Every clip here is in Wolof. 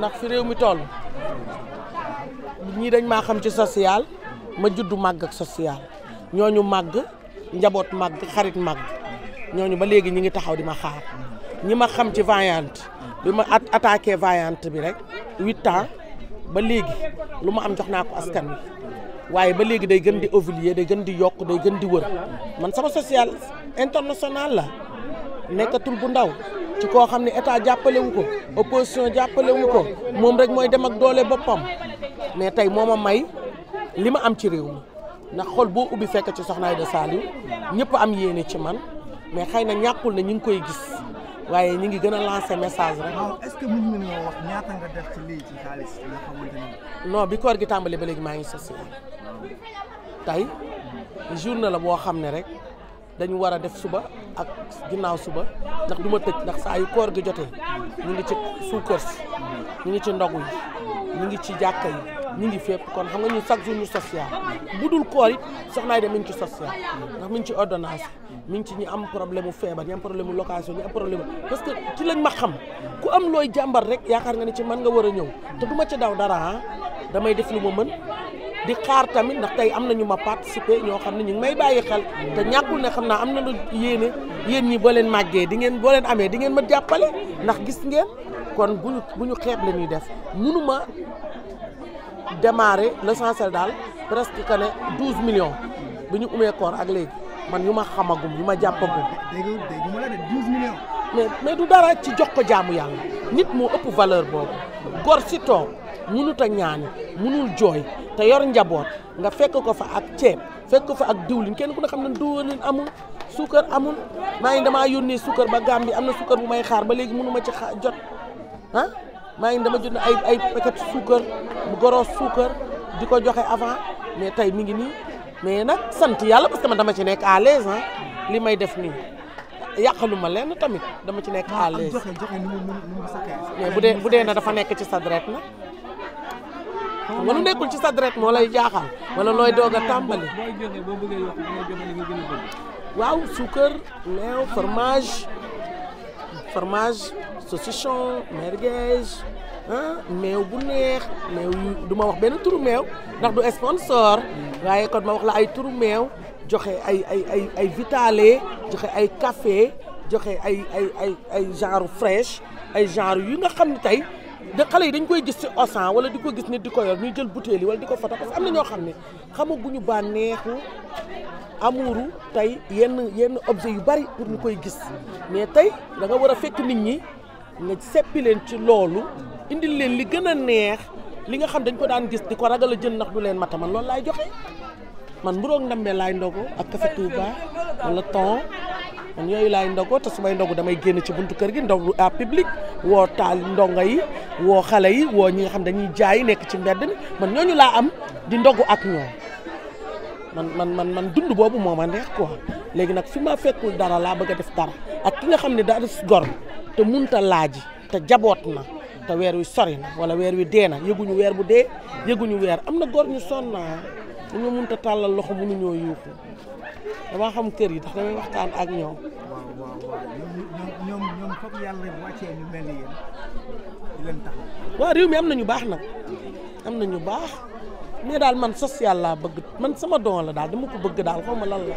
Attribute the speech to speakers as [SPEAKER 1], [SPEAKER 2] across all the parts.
[SPEAKER 1] ndax fi réew mi toll ñii dañ ma xam ci social ma juddu màgg ak ñoo ñu màgg njaboot màgg xarit màgg ñooñu ba léegi ñi ngi taxaw di ma xaar ñi ma xam ci Vaillante bi ma attaqué Vaillante bi rek huit ans ba léegi lu ma am jox naa ko askan wi waaye ba léegi day gën di évoluer day gën di yokk day gën di wër man sama social international la nekkatul bu ndaw ci koo xam ne état jàppalewu ko opposition jàppalewu ko moom rek mooy dem ak doole boppam mais tey moo ma may li ma am ci réew mi ndax xol boo ubbi fekk ci Soxna de Saliou ñëpp am yéene ci man mais xëy na ñàkkul na ñu ngi koy gis waaye ñu ngi gën a lancer message rek. waaw
[SPEAKER 2] est-ce que mën nga
[SPEAKER 1] wax bi koor gi tàmbali ba léegi maa ngi sosiyal tey na la boo xam ne rek. dañu war a def suba ak ginnaaw suba ndax du ma tëj ndax saa yu koor gi jotee ñu ngi ci suukar si ñu ngi ci ndogu yi ñu ngi ci jàkka yi ñu ngi fépp kon xam nga ñu chaque jour ñu social bu dul koor it soxnaay de mi ngi ci social ndax mi ngi ci ordonnance mu ngi ci ñu am problème mu feebar ñu am problème mu location ñu am problème parce que ci lañ ma xam ku am looy jàmbar rek yaakaar nga ne ci man nga war a ñëw te du ma ci daw dara ah. damay def lu ma mën di xaar tamit ndax tey am na ñu ma participer ñoo xam ne ñu ngi may bàyyi xel te ñàkkul ne xam naa am na lu yéene yéen ñi boo leen màggee di ngeen boo leen amee di ngeen ma jàppale ndax gis ngeen kon gu ñu bu ñu xeeb la ñuy def mënuma démarrer l'essentiel daal presque que ne douze millions bu ñu umee koor ak léegi man ñu ma xamagum yu ma jàppagum. dégg nga mais mais du dara ci jox ko jaamu yàlla nit moo ëpp valeur boobu gor si toog. mënut a ñaani mënul jooy te yor njaboot nga fekk ko fa ak ceeb fekk ko fa ak diwlin kenn ku ne xam ne diwlin amul suukar amul maa ngi damaa yónnee suukar ba bi am na suukar bu may xaar ba léegi mënuma ci xaar jot ah maa ngi dama jot na ay ay paquet suukar bu goroos suukar di ko joxe avant mais tey mu ngi nii mais nag sant yàlla parce que man dama ci nekk à l'aise ah li may def nii yàqaluma lenn tamit dama ci nekk à ah, l'aise mais bu dee bu dee na dafa nekk ci sa deret na xam nga nekkul ci sa deret moo lay jaaxal ma wala looy doog a tàmbali waaw suukar meew fromage fromage saucisson merguez meew bu neex meew du ma wax benn turu meew ndax du sponsor waaye kon ma wax la ay turu meew joxe ay ay ay ay vitale joxe ay café joxe ay ay ay ay genre fraîche ay genre yu nga xam ni tey da xale yi dañ koy gis ci osan wala di ko gis nit di ko yor ñuy jël butéel yi wala di ko foto parce que am na ñoo xam ne xamaguñu bànneexu amuru tey yenn yenn objet yu bari pour ñu koy gis mais tey danga war a fekk nit ñi nga seppi leen ci loolu indi leen li gën a neex li nga xam dañ ko daan gis di ko ragal a jël ndax du leen mata man loolu laay joxe man mburoog be laay ndogo ak café Touba
[SPEAKER 3] wala thon man yooyu laay
[SPEAKER 1] ndogu te su may ndogu damay génn ci buntu kër gi ndogu à public woo taal ndongo yi woo xale yi woo ñi nga xam dañuy jaay nekk ci mbedd mi man ñooñu laa am di ndogu ak ñoom man man man man dund boobu moo ma neex ko léegi nag fi ma fekkul dara laa bëgg a def dara ak nga xam ne daa des gor te munta laaji te jaboot na te wi sori wala weer wi dee na yëguñu weer bu dee yëguñu weer am na gor ñu sonn naa ah. dañoo munta tàllal loxo mënuñoo yuuxu damaa xam kër yi ndax damay waxtaan ak ñoom.
[SPEAKER 2] ñoom ñoom ñoom foog waa réew mi am nañu baax nag
[SPEAKER 1] am nañu baax mais daal man social laa bëgg man sama don la daal dama ko bëgg daal xaw ma lan la.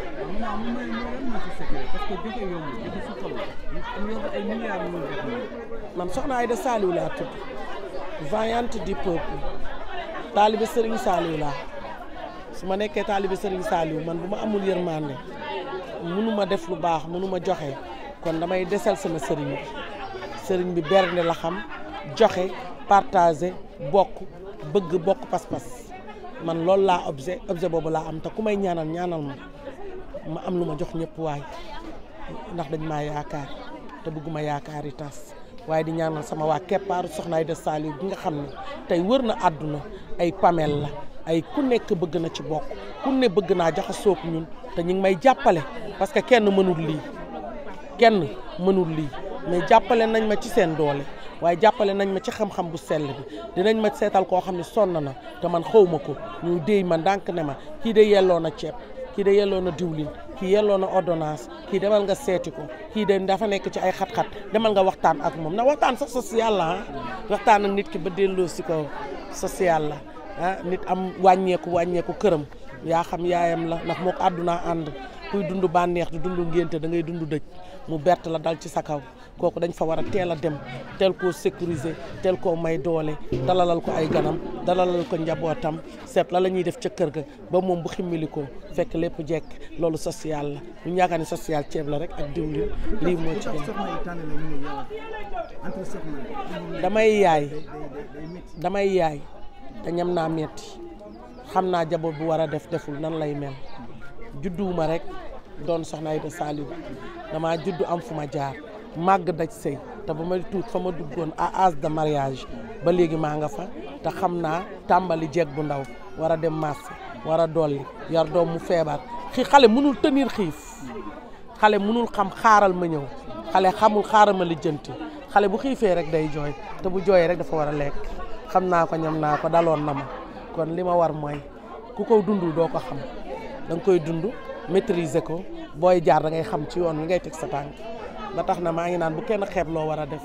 [SPEAKER 1] man soxna Aïda Saliou laa tudd vaillante du peuple taalibe Serigne Saliou laa su ma nekkee taalibe Serigne Saliou man bu ma amul yërmande mënu ma def lu baax mënu ma joxe kon damay desal sama sëriñ bi sëriñ bi bernde la xam joxe. partager bokk bëgg bokk pas-pas man loolu laa objet objet boobu laa am te ku may ñaanal ñaanal ma ma am lu ma jox ñëpp waay ndax dañ maa yaakaar te bëgguma yaakaar yi tas waaye di ñaanal sama waa keppaaru Soxna Aïda Saliou bi nga xam ne tey wër na àdduna ay pamel la ay ku nekk bëgg na ci bokk ku ne bëgg naa jaxasoo ak ñun te ñu ngi may jàppale parce que kenn mënul lii kenn mënul lii mais jàppale nañ ma ci seen doole waaye jàppale nañ ma ci xam-xam bu sell bi dinañ ma seetal koo xam ne sonn na te man xaw ko ñu déy ma ndànk ne ma kii de yelloo na ceeb kii de yelloo na diwlin kii yelloo na ordonnance kii demal nga seeti ko kii de dafa nekk ci ay xat-xat demal nga waxtaan ak moom na waxtaan sax social la ah. waxtaan ak nit ki ba delloo si ko social la ah nit am wàññeeku wàññeeku këram yaa xam yaayam la ndax moo ko àdduna ànd kuy dund bànneex di dund ngénte da dund dëj mu bett la dal ci sa kaw kooku dañ fa war a teel a dem teel koo sécuriser teel koo may doole dalalal ko ay ganam dalalal ko njabootam seet la la ñuy def ca kër ga ba moom bu ximmili ko fekk lépp jekk loolu social la lu ñu yaakaar ne ceeb la rek ak diwlin lii moo ci
[SPEAKER 2] damay yaay damay yaay
[SPEAKER 1] te naa metti xam naa jaboot bu war a def deful nan lay mel judduwuma rek doon soxna Aïda Saliou damaa judd am fu ma jaar màgg da sëy te ba ma tuut fa ma duggoon à âge de mariage ba léegi maa nga fa te xam naa tàmbali jeeg bu ndaw war a dem marché war a dolli yardoom mu feebar xii xale mënul tenir xiif xale mënul xam xaaral ma ñëw xale xamul xaaral ma lijjanti xale bu xiifee rek day jooy te bu jooyee rek dafa war a lekk xam naa ko ñam naa ko daloon na ma kon li ma war mooy ku ko dundul doo ko xam da nga koy dund maîtriser ko booy jaar da ngay xam ci yoon wi ngay teg sa tànk ba tax na maa ngi naan bu kenn xeeb loo war a def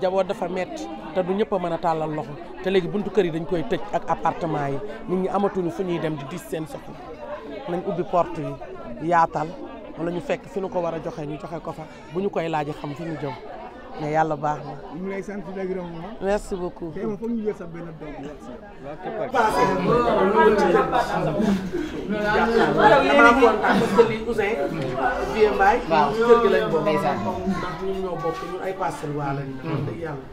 [SPEAKER 1] jaboot dafa mett te du ñëpp a mën a tàllal loxo te léegi buntu kër yi dañ koy tëj ak appartement yi nit ñi amatuñu fu ñuy dem di diis seen soxla nañ ubbi porte yi yaatal wala ñu fekk fi ñu ko war a joxe ñu joxe ko fa bu ñu koy laaj xam fi ñu jëm mais yàlla baax na.
[SPEAKER 2] ñu ngi lay sant di la gërëm merci beaucoup. tey moom foog ñu jël sa benn doom. damaa kontaan parce que lii Ouzin. Vieux Mbaye. waaw kër gi lañ bokk. ndeysaan
[SPEAKER 1] ndax ñun ñoo bokk ñun ay parcelles waa lañ. dëgg yàlla.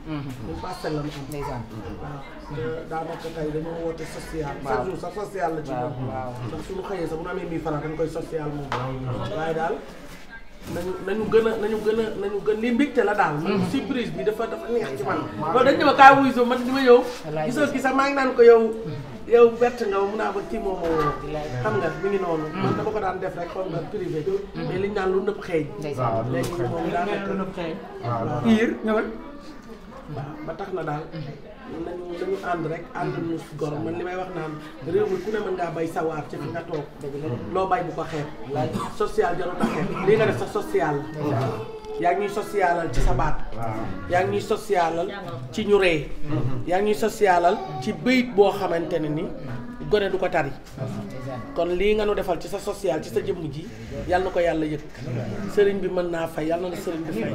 [SPEAKER 1] ñun parcelle lañ am. ndeysaan waaw. daanaka tey dañoo woote social. waaw chaque jour sax social la ci. waaw waaw ndax suñu xëyee sax bu ñu amee mille francs dañ koy social moom. waaye daal. nañu nañu gën a nañu gën a nañu gën li mbégte la daal. Mm-hmm. surprise bi dafa dafa neex ci man. waaw loolu dañu ma kaa wuyu soo man di ma ñëw. wallaay gisoo ki sax maa ngi naan ko yow. yow bett nga mun naa ba kii moom moo woo. xam nga mi ngi noonu. Mm-hmm. man dama ko daan def rek comme nga privé. Mm-hmm. mais li ñu naan lu nëpp xeeñ. waaw nekk lu nëpp xeeñ. waaw waaw ñëwal. ba tax na daal. nañu rek ànd li may wax naan bay sawaar loo bay bu ko xeeb social jarul a xeeb lii nga def sa social yaa ngi ñuy socialal ci sa baat yaa ngi ñuy ci ñu ree yaa ngi ñuy socialal ci mm-hmm. bëyit boo xamante ne ni gone du ko tari kon lii nga nu defal ci sa social ci sa jëmm ji yàlla na ko yàlla yëg sëriñ bi mën naa fay yàlla na sëriñ bi fay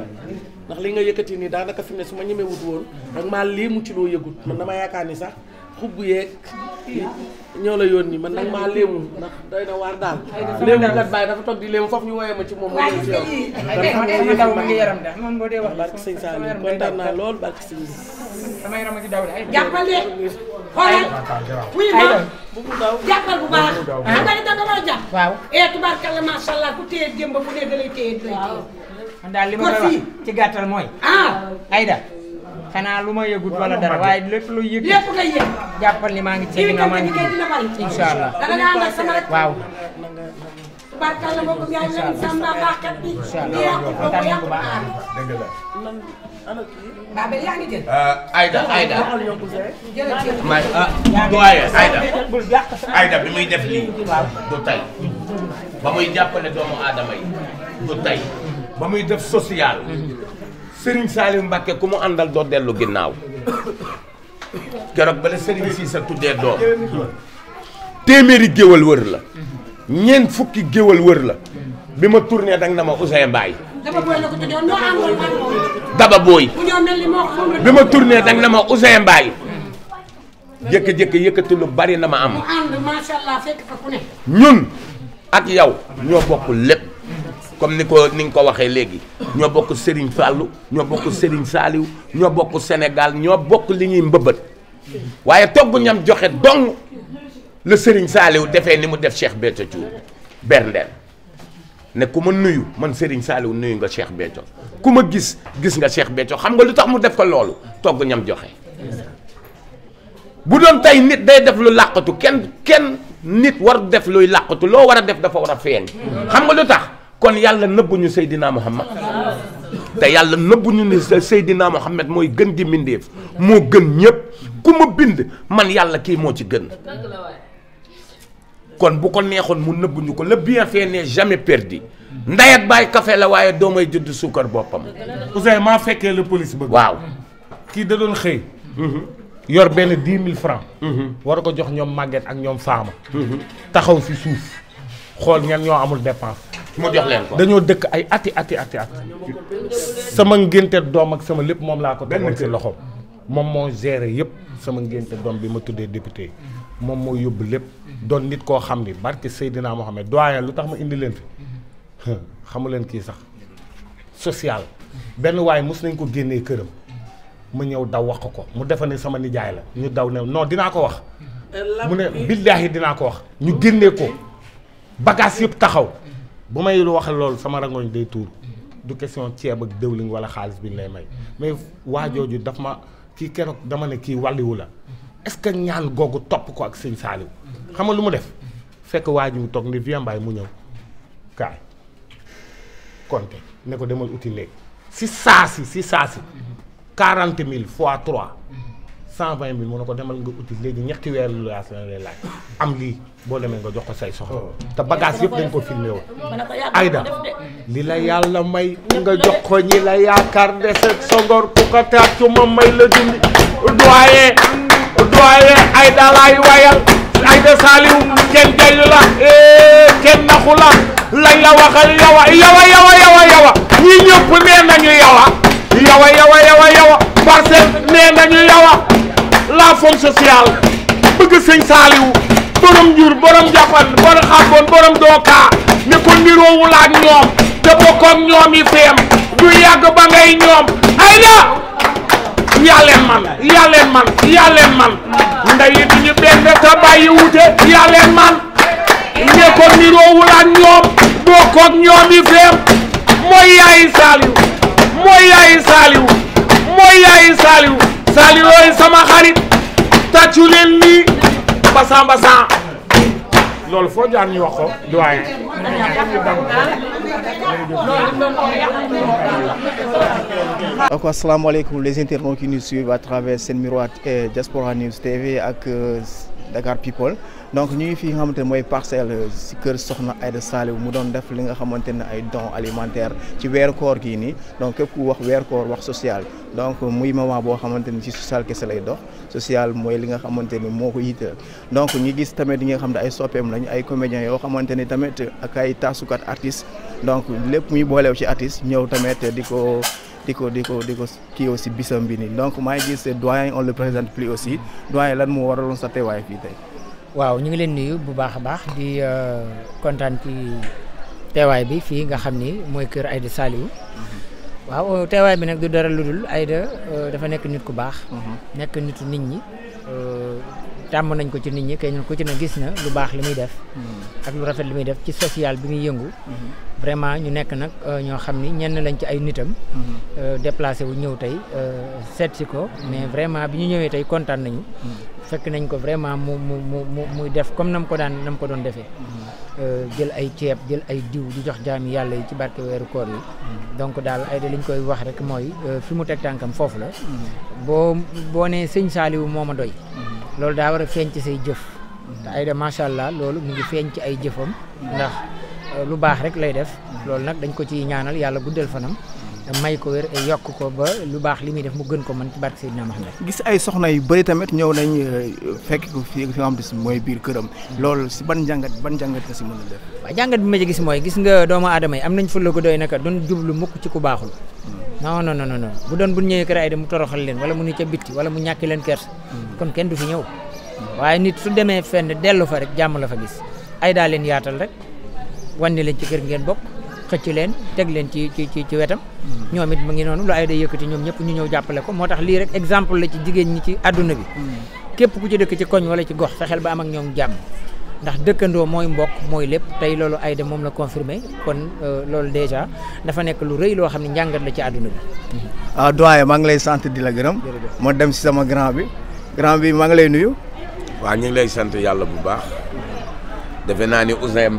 [SPEAKER 1] ndax li nga yëkkati nii daanaka fi mu ne su ma ñemewut woon ak maa lii mu ci loo yëgut man dama yaakaar ni sax xubbu yeeg kii ñoo la yónni man nag maa léemu ndax doy na waar daal. léemu kat bàyyi dafa toog di léemu foofu ñu woowee ma ci moom. ma ñëw ci yow dafa ma de man boo dee wax. barke sëñ lool barke sëñ bi.
[SPEAKER 3] damay rama ci daw de ay. jàppale xoolal wuy ma jàppal bu baax. xam nga ni da nga war a jàpp. waaw eh tubaarkalla macha allah ku téye jëmba bu dee da lay téye da lay téye. man daal li ma la wax ci gàttal mooy. ah Aïda xanaa lu ma yëgut wala dara waaye lépp lu yëg. lépp nga yëg jàppal ni maa ngi ci ginnaaw maa ngi ci incha allah waaw.
[SPEAKER 1] barkal la mbokk yaay nañ samba baaxkat bi di yàqu ko ko yàqu aar dëgg la babel euh, yaa ngi jël Aïda Aïda may doye Aïda
[SPEAKER 4] Aïda bi muy def lii du tey ba muy jàppale doomu aadama yi du tey ba muy def social sëriñ Salim Mbacke ku mu àndal doo dellu ginnaaw keroog bala sëriñ sii sa tuddee doom téeméeri géwal wër la ñeent fukki géwal wër la bi ma tourné dang na ma Ousseyn daba
[SPEAKER 1] booy la ko tuddoon bi ma
[SPEAKER 4] tourné dang na ma Ousseyn Mbaye jëkk-jëkk yëkkati lu bari na ma am ñun ak yow ñoo bokk lépp comme ni ko ni nga ko waxee léegi ñoo bokk Serigne Fallou ñoo bokk Serigne Saliou ñoo bokk Sénégal ñoo bokk li ñuy mbëbët waaye togg ñam joxe dong la sëriñ Saliou defee ni mu def Cheikh Béthio Thioune berndeel ne ku ma nuyu man Serigne Saliou nuyu nga Cheikh Béthio ku ma gis gis nga Cheikh Béthio xam nga lu tax mu def ko loolu togg ñam joxe bu doon tey nit day def lu làqatu kenn kenn nit war def luy làqatu loo war a def dafa war a feeñ xam nga lu tax kon yàlla nëbbuñu Seydina Muhammad te yàlla nëbbuñu ni Seydina Muhammad mooy gën gi mbindéef moo gën ñëpp ku ma bind man yàlla kii moo ci gën kon bu ko neexoon mu nëbbuñu ko le bienfait n'est jamais perdu ndayat baay kafe la waaye doomay judd suukar
[SPEAKER 5] boppam. Ousseyn maa fekkee la police bëgg. waaw kii da doon xëy. Mhm. yor benn dix mille francs mhm. war ko jox ñoom màgget ak ñoom faama. Mhm. taxaw si suuf. xool ñan ñoo amul dépense. mu jox leen ko dañoo dëkk ay ati ati ati at sama ngénte doom ak sama lépp moom laa ko tegoon si loxoom. moom moo géré yëpp sama ngénte doom bi ma tuddee député moom moo yóbbu lépp doon nit koo xam ni barke Seydina Mohamed doyen lu tax ma indi leen fi xamu leen kii sax social benn waaye mos nañ ko génnee këram ma ñëw daw wax ko mu defa ne sama nijaay la ñu daw ne noo dinaa ko wax euh, mu ne billaahi dinaa ko wax ñu génnee ko bagage yëpp taxaw bu may wax loolu sama rangoñ day tuur du question ceeb ak dëwlin wala xaalis bi ñu lay may mais waajooju daf ma kii keroog dama ne kii walliwu la est-ce que ñaan googu topp ko ak sëñ saaliw xam nga lu ma def fekk waa ji toog ni viens mu ñëw kaay compté ne ko demal uti léegi si saa si si saa si quarante mille fois trois san vingt mille mun na ko demal nga uti léegi ñetti weer lu laas la jox ko say soxla oh. te yëpp dañ ko filmé may nga jox ko ñi la yaakaar dese songor ku ko tàccu ma may la dindi doyen doyen Aïda laay wayal Aïda Saliou kenn jayu la
[SPEAKER 4] eh, kenn naxu la lañ la waxal yawa yawa yawa yawa yawa ñëpp nee nañu yawa yawa yawa yawa yawa nee nañu yawa la force sociale bëgg sëñ saaliwu borom njur borom jàppal borom xàmboon borom dookaa ne ko niroowu ñoom te bokkoog ñoom yi feem du yàgg ba ngay ñoom ay na man yaa man yaa man ndeyi ñu benn te bàyyi wute yaa man ne ko niroowu ñoom bokkoog ñoom yi feem mooy yaayi saaliwu
[SPEAKER 5] mooy yaayi saaliwu mooy yaayi saaliwu saali wooy sama xarit tàccu leen lii basan basan loolu foo jaar ñu wax ko doyen
[SPEAKER 2] donc asalaamaaleykum les internautes qui nous suivent à travers Sen Miroir et Diaspora News TV ak euh, Dakar People donc ñu ngi fi nga xamante ne mooy parcelle si kër Soxna Aïda Saliou mu doon def li nga xamante ne ay dons alimentaires ci weeru koor gii nii donc képp ku wax weeru koor wax social donc muy moment boo xamante ni ci social kese lay dox social mooy li nga xamante ni moo ko yitteel donc ñu gis tamit ñi nga xam ne ay soppeem lañu ay comédiens yoo xamante ni tamit ak ay taasukat artistes donc lépp muy booleew ci artistes ñëw tamit di ko. di ko di ko di ko kii aussi bisam bi nii donc maa ngi gis doyen on le présente plus aussi doyen lan moo waraloon sa teewaay fii tey.
[SPEAKER 3] waaw ñu ngi leen nuyu bu baax baax di euh, kontaan ci teewaay bi fii nga xam ni mooy kër Aida Saliou mm-hmm. waaw teewaay bi nag du dara lu dul Aida euh, dafa nekk nit ku baax. Mm-hmm. nekk nitu nit ñi. Euh, tàmm nañ ko ci nit ñi kenn ko ci ne gis na lu baax li muy def. Hmm. ak lu rafet li muy def ci social bi muy yëngu. Hmm. vraiment ñu nekk nag euh, ñoo xam ni ñenn lañ ci ay nitam. Hmm. Euh, déplacé wu ñëw tey euh, seet si ko. mais vraiment bi ñu ñëwee tey kontaan nañu. fekk nañ ko vraiment mu mu mu mu muy def comme nam ko daan nam ko doon defee. jël ay ceeb jël ay diw di jox jaami yàlla yi ci barke weeru koor yi. donc daal ay de koy wax rek mooy fi mu teg tànkam foofu la. boo boo nee sëñ Saliou moo ma doy. loolu daa war a feeñ ci say jëf te Aida macha allah loolu mu ngi feeñ ci ay jëfam ndax euh, lu baax rek lay def loolu nag dañ ko ciy ñaanal yàlla guddal fanam may ko wér yokk ko ba lu baax li muy def mu gën ko mën ci barke max ne
[SPEAKER 2] gis ay soxna yu bëri tamit ñëw nañ euh, fekk ko fi fi nga xam mooy biir këram loolu si ban jàngat ban jàngat nga si
[SPEAKER 3] mën def jàngat bi ma ci gis mooy gis nga doomu aadama yi am nañ fulla ko doy naka duñ jublu mukk ci ku baaxul non non non non bu doon bu ñëwee kër Aida mu toroxal leen wala mu ni ca bitti wala mu ñàkk leen mm. kon kenn du fi ñëw waaye nit su demee fenn dellu fa rek jàmm la fa gis Aida leen yaatal rek wanni leen ci kër ngeen bokk xëcc leen teg leen ci ci ci ci wetam mm. ñoom it mu ngi noonu lu Aida yëkkati ñoom ñëpp ñu ñëw jàppale ko moo tax lii rek exemple la ci jigéen ñi ci àdduna bi mm. képp ku ci dëkk ci koñ wala ci gox fexeel ba am ak ñoom jàmm ndax dëkkandoo mooy mbokk mooy lépp tey loolu Aïda moom la confirmé kon euh, loolu déjà dafa nekk lu rëy loo xam ne njàngat la ci àdduna bi.
[SPEAKER 2] ah doyen maa ngi lay sant di la gërëm. moo dem si sama grand bi. grand bi maa ngi lay nuyu.
[SPEAKER 4] waaw ñu ngi lay sant yàlla bu baax. defe naa ni Ouzin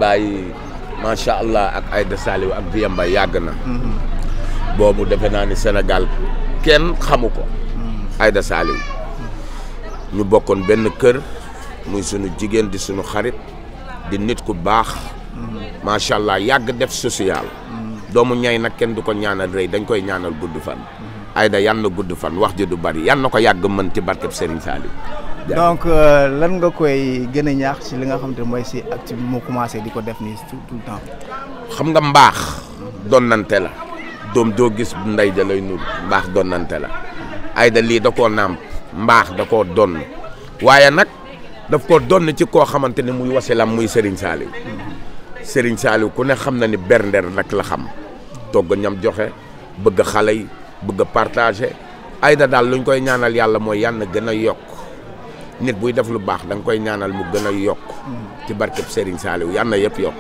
[SPEAKER 4] macha allah ak Aïda Saliou ak Vieux yàgg na.
[SPEAKER 2] Mm-hmm.
[SPEAKER 4] boobu defe naa ni Sénégal kenn xamu ko. Mm-hmm. Aïda Saliou. ñu bokkoon benn kër. muy sunu jigéen di sunu xarit di nit ku baax macha allah yàgg def social doomu ñay nag kenn du ko ñaanal rey dañ koy ñaanal gudd fan ayda yan na gudd fan wax ji du bari yan na ko yàgg mën ci barkeb Serigne Saliou
[SPEAKER 2] donc euh, lan nga koy gën a ñaax si li nga xam mooy si acte bi commencé di ko def nii tout tout le
[SPEAKER 4] xam nga mbaax donnante la doom doo gis ndey ja lay nul mbaax donnante la Aïda lii da koo naam mbaax da koo donn waaye nag daf ko donn ci koo xamante ne muy wasilam muy Serigne Saliou Serigne Saliou ku ne xam na ni bernder nag la xam togg ñam joxe bëgg xale yi bëgg partager ayda daal lu ñu koy ñaanal yàlla mooy yàlla na gën a yokk nit buy def lu baax danga koy ñaanal mu gën a yokk mm. ci barkeb Serigne Saliou yàlla na yëpp yokk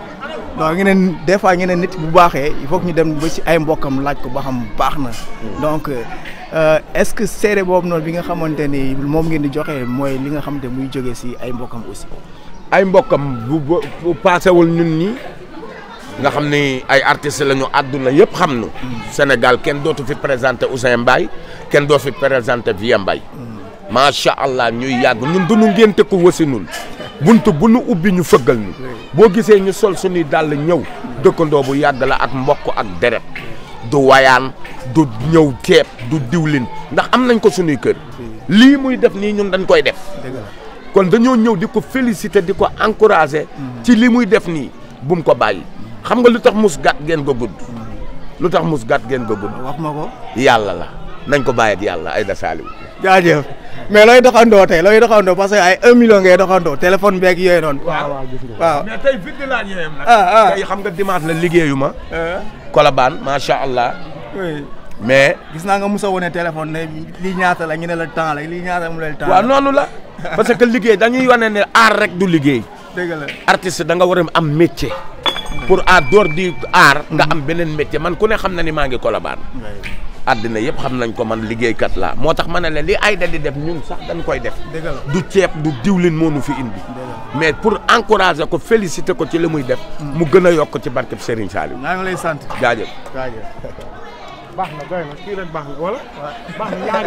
[SPEAKER 2] non nge neen des fois nge neen nit bu baaxee il faut ñu dem ba ci ay mbokkam laaj ko ba xam baax na donc euh, est-ce que seere boobu noonu bi nga xamante ni moom ngeen di
[SPEAKER 4] joxe mooy li nga xam xamante muy jógee si ay mbokkam aussi ay mbokkam bu paasewul ñun ñi nga xam ni ay artistes la ñu àdduna yëpp xam nu Sénégal kenn dootu fi présenté Ouzin Mbaye kenn dootu fi présenté Vieux Mbaye mm. macha allah ñuy yàgg ñun nu ngénte ko wasinul bunt bu nu ubbi ñu fëggal ni boo gisee ñu sol suñuy dàll ñëw dëkkandoo bu yàgg la ak mbokk ak deret du wayaan du ñëw ceeb du diwlin ndax am nañ ko sunuy kër lii muy def nii ñun dañ koy def kon dañoo ñëw di ko féliciter di ko encourager mm. ci li muy def nii bu mu ko bàyyi xam nga lu tax mus gàtt geen ko gudd mm. lu tax mus gàtt geen ko gudd wax ma ko yàlla la nañ ko bàyyi ak yàlla ay Saliou. jaajëf
[SPEAKER 2] mais looy doxandoo tey looy doxandoo parce que ay 1 million ngay doxandoo téléphone beeg yooyu noonu.
[SPEAKER 3] waaw
[SPEAKER 5] waaw gis nga waaw mais
[SPEAKER 4] ah, ah. xam nga dimanche la liggéeyu ma. Eh? Colobane macha allah. mais
[SPEAKER 2] gis naa nga Moussa wone téléphone
[SPEAKER 4] ne lii ñaata la ñu ne la temps la lii ñaata mu lay temps waaw noonu la parce que liggéey dañuy wane ne aar rek du liggéey. dëgg la artiste da nga war a am métier. pour à door di aar nga am beneen métier man ku ne xam na ni maa ngi Colobane. àddina yëpp xam nañ ko man liggéeykat laa moo tax ma ne leen li Aïda di def ñun sax dañ koy def du ceeb du diwlin moo nu fi indi mais pour encourager ko féliciter ko ci li muy def mm. mu gën a yokk ci barkeb Serigne Saliou maa ngi lay sant jaajëf jaajëf
[SPEAKER 5] baax na doy na kii rek baax na wala baax